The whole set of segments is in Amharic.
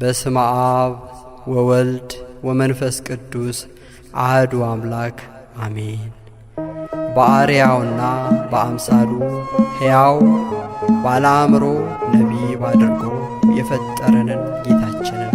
በስመ አብ ወወልድ ወመንፈስ ቅዱስ አህዱ አምላክ አሜን። በአርያውና በአምሳሉ ሕያው ባለአእምሮ ነቢብ አድርጎ የፈጠረንን ጌታችንን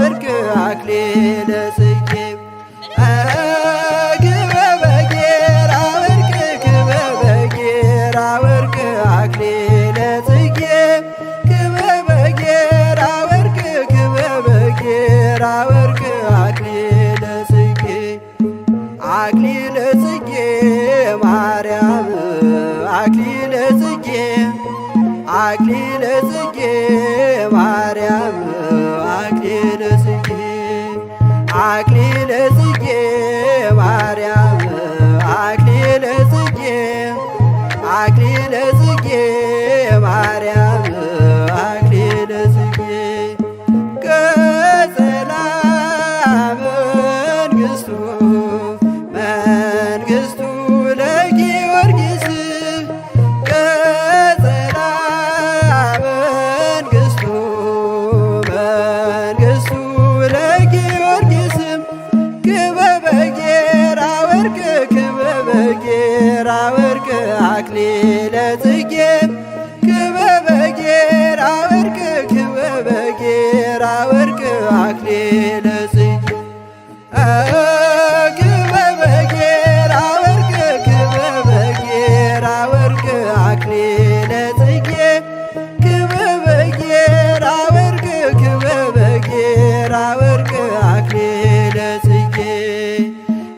ወርቅ አክሊለ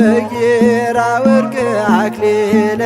በጌራ ወርቅ አክሊለ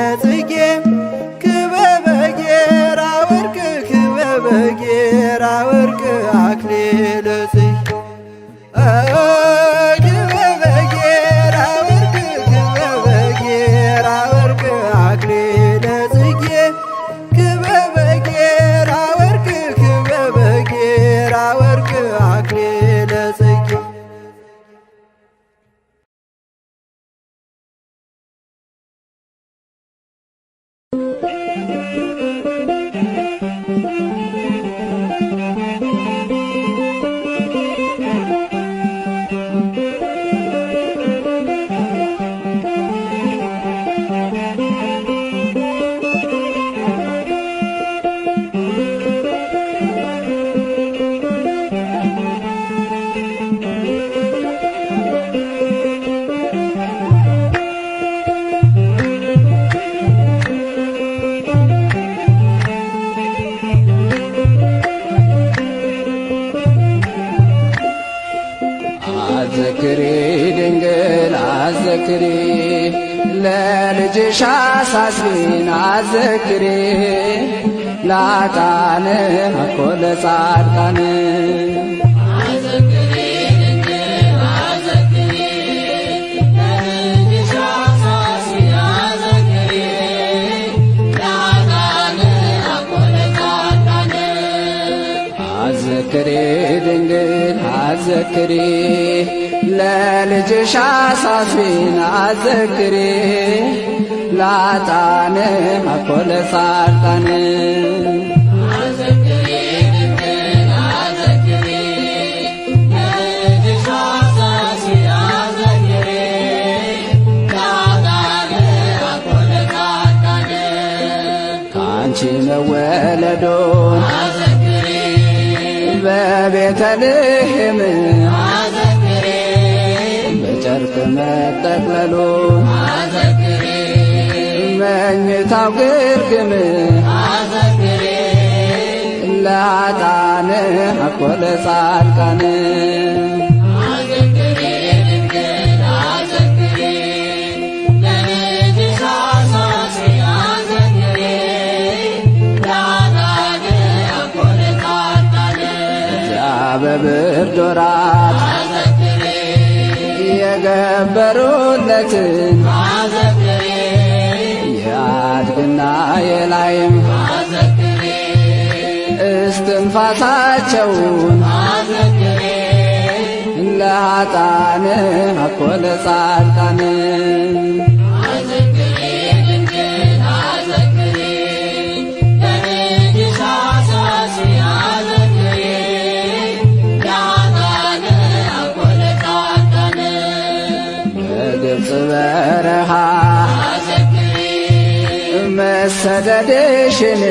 አዘክሪ ለልጅሽ አሳፊን አዘክሪ ላጣን አኮለ ሳጣን መወለዶን ቤተልሔም በጨርቅ መጠቅለሉ መኝታው ግርግም ለአጣን አኮለ ጻድቃን በብርድ ወራት የገበሩለትን የአድግና የላይም እስትንፋሳቸውን ለኃጣን አኮለ ጻድቃን ሰደድሽን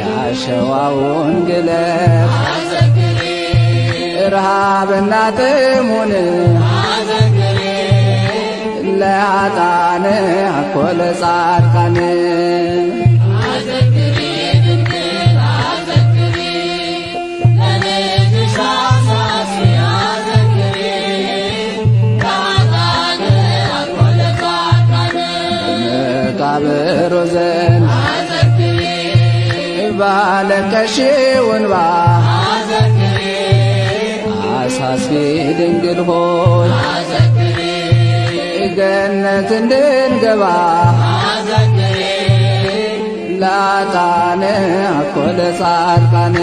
ያሸዋውን ግለት ረሃብና ጥሙን ለአጣን አኮለ ጻድቃን በመቃብር ዘን ባለቀሽውን ባ አሳስቢ ድንግል ሆይ ገነት እንድንገባ ላጣን አኮለ ጻድቃን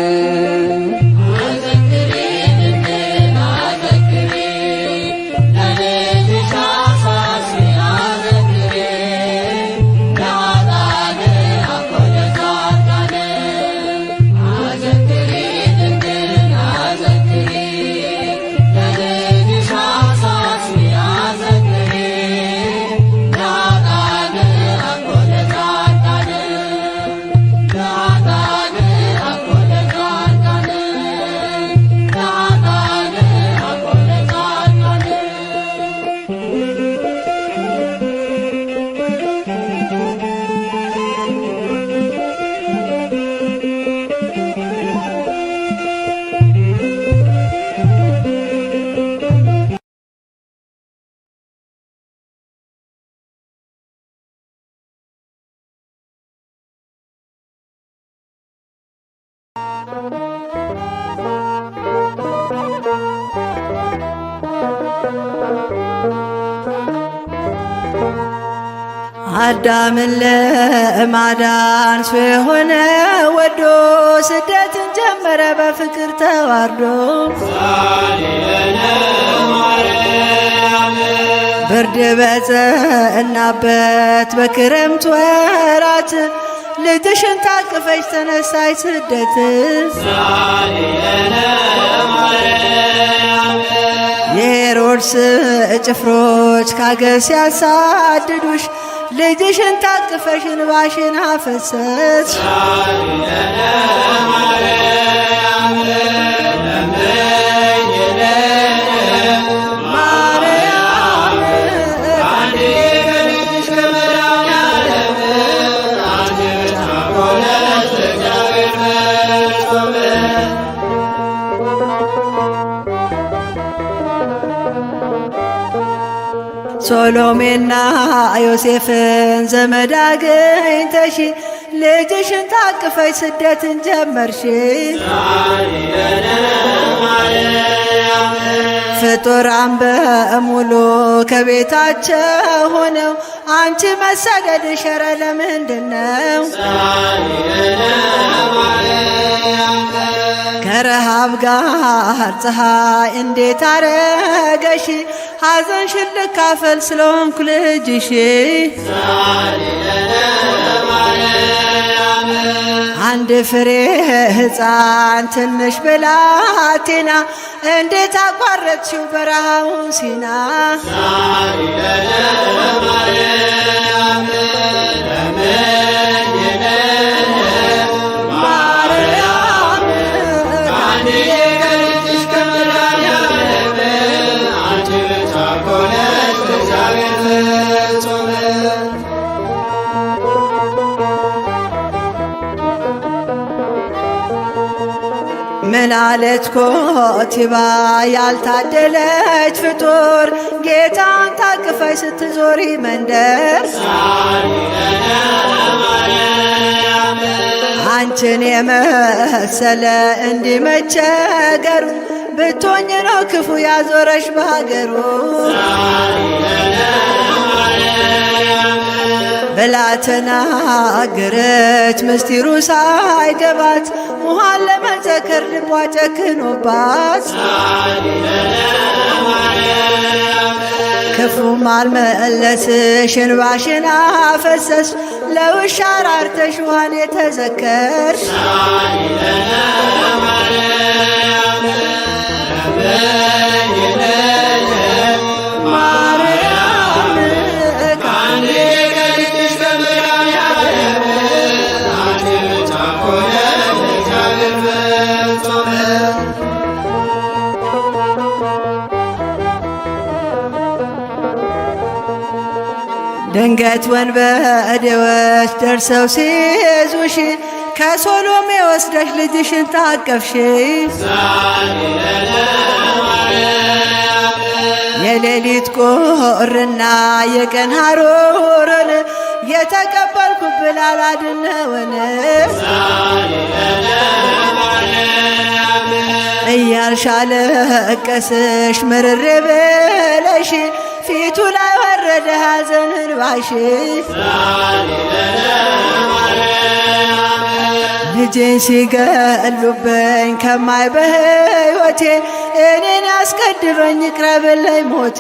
አልወዳምን ለማዳን የሆነ ወዶ ስደትን ጀመረ በፍቅር ተዋርዶ ብርድ በጸናበት በክረምት ወራት ልጅሽን ታቅፈሽ ተነሳች ስደት የሄሮድስ ጭፍሮች ካገር ሲያሳድዱሽ ልጅሽን ታቅፈሽ እንባሽን አፈሰስሽ ሶሎሜና ዮሴፍን ዘመድ አግኝተሽ ልጅሽን ታቅፈሽ ስደትን ጀመርሽ። ፍጡራን በሙሉ ከቤታቸው ሆነው አንቺ መሰደድሽ ሸረ ለምንድን ነው? ከረሃብ ጋር ፀሐይ እንዴት አረገሽ ሐዘንሽን ልካፈል ስለሆንኩ ልጅሽ አንድ ፍሬ ሕፃን ትንሽ ብላቴና እንዴት አቋረጥሽው በረሃውን ሲና ምናለት ኮቲባ ያልታደለች ፍጡር ጌታን ታቅፈሽ ስትዞሪ መንደር አንችን የመሰለ እንዲመቸገሩ ብቶኝ ነው ክፉ ያዞረሽ በሀገሩ ብላ ተናገረች ምስጢሩ ሳይገባት ሙሃን ለመዘከር ልቧ ጨክኖባት ክፉም አልመለስሽ እንባሽን አፈሰስሽ ለውሻ ራርተሽ ውሃን የተዘከርሽ ድንገት ወንበዴዎች ደርሰው ሲይዙሽ ከሶሎሜ ወስደሽ ልጅሽን ታቀፍሽ። የሌሊት ቁርና የቀን ሐሩርን የተቀበልኩ ብላል አድነወን እያልሻለቀስሽ ምርር ብለሽ ፊቱ ላይ ወረደ ሐዘን እንባሽን ልጄን ሲገሉብኝ ከማይ በሕይወቴ እኔን አስቀድመኝ ይቅረብልኝ ሞቴ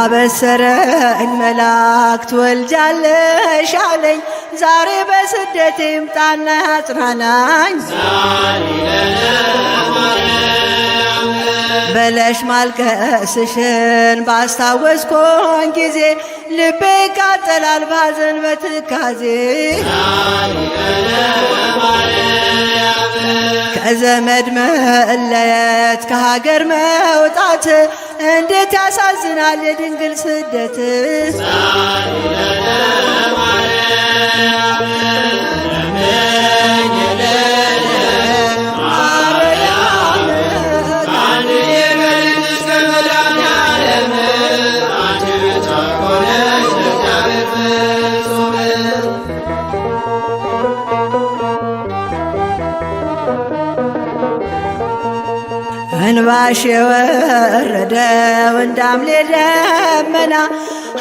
ያበሰረኝ መላእክት ወልጃለሽ አለኝ። ዛሬ በስደት ይምጣና ያጽናናኝ በለሽ ማልቀስሽን ባስታወስኮን ጊዜ ልቤ ይቃጠላል ባዘን በትካዜ ከዘመድ መለየት ከሀገር መውጣት እንዴት ያሳዝናል የድንግል ስደት እንባሽ የወረደ ወንዳም ሐምሌ ደመና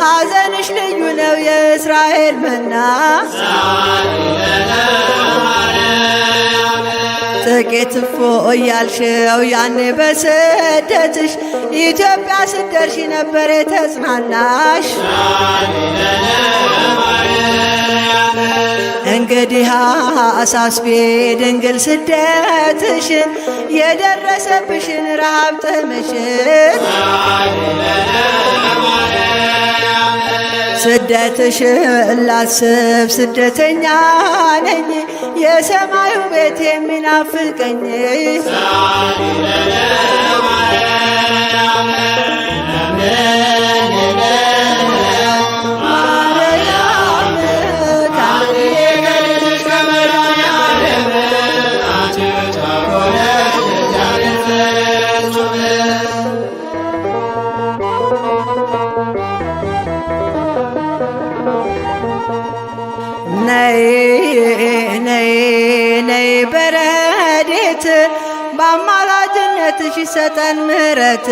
ሐዘንሽ ልዩ ነው የእስራኤል መና ጥቂት እፎ እያልሽው ያኔ በስደትሽ ኢትዮጵያ ስደርሽ ነበር የተጽናናሽ መንገድሃ አሳስቤ ድንግል ስደትሽን የደረሰብሽን ረሃብ ጥምሽን ስደትሽን ላስብ ስደተኛ ነኝ የሰማዩ ቤት የሚናፍቀኝ ምህረት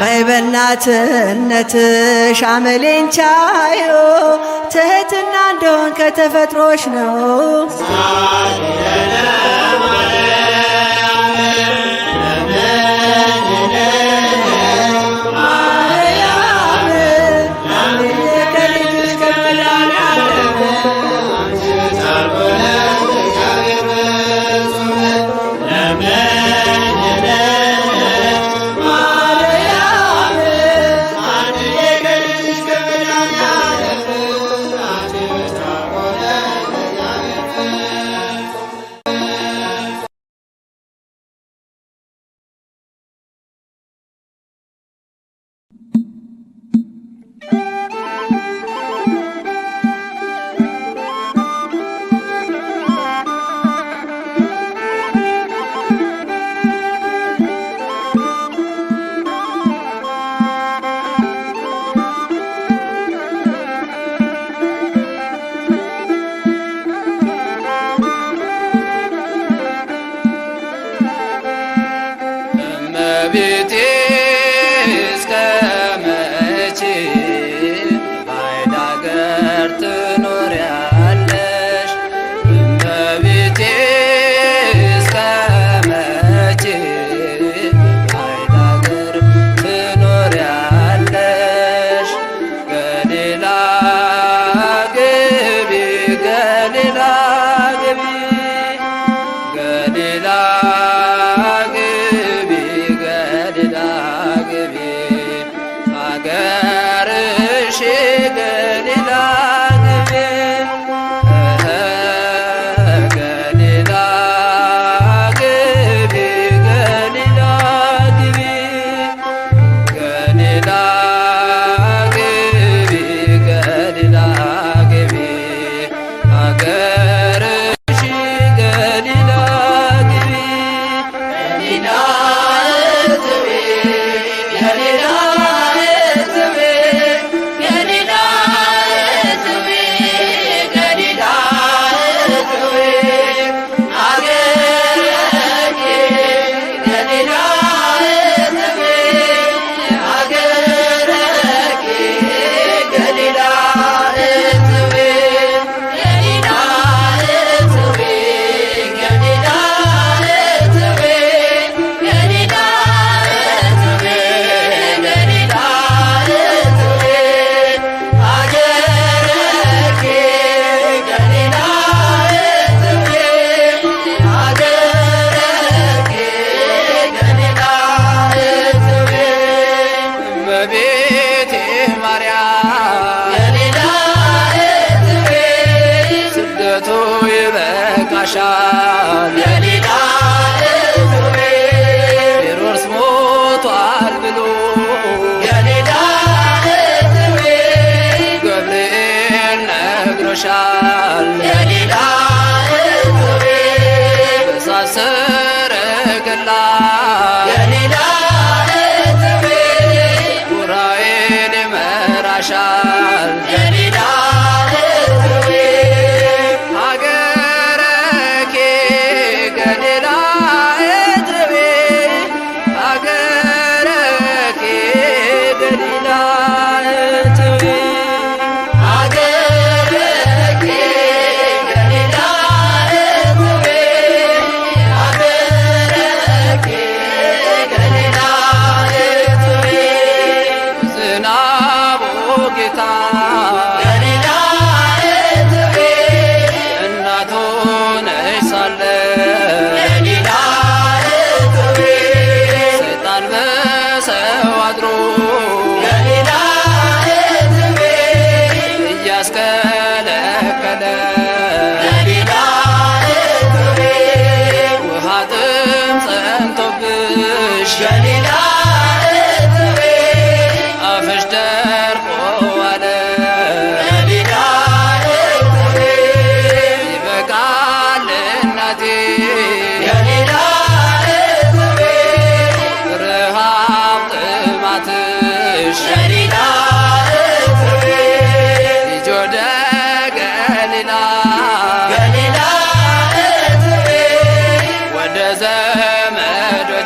በይበናትነትሽ አመሌን ቻዩ ትህትና እንደሆን ከተፈጥሮች ነው እመቤቴ Sara Gala, Yanila.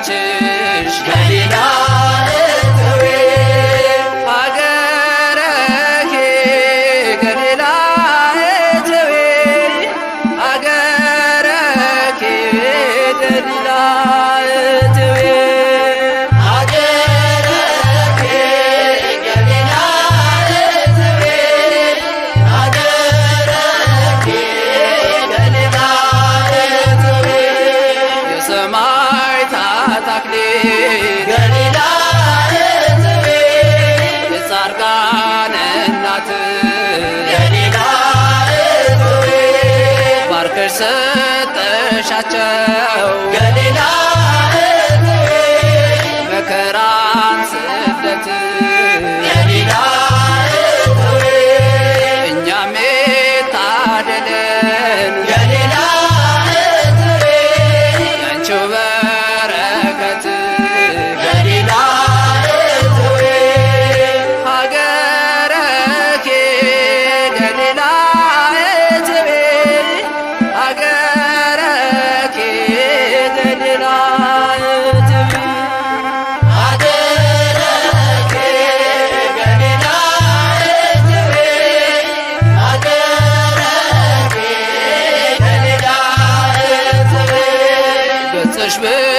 ateş ናቸው ገሊላ መከራን ስደትን düşmüş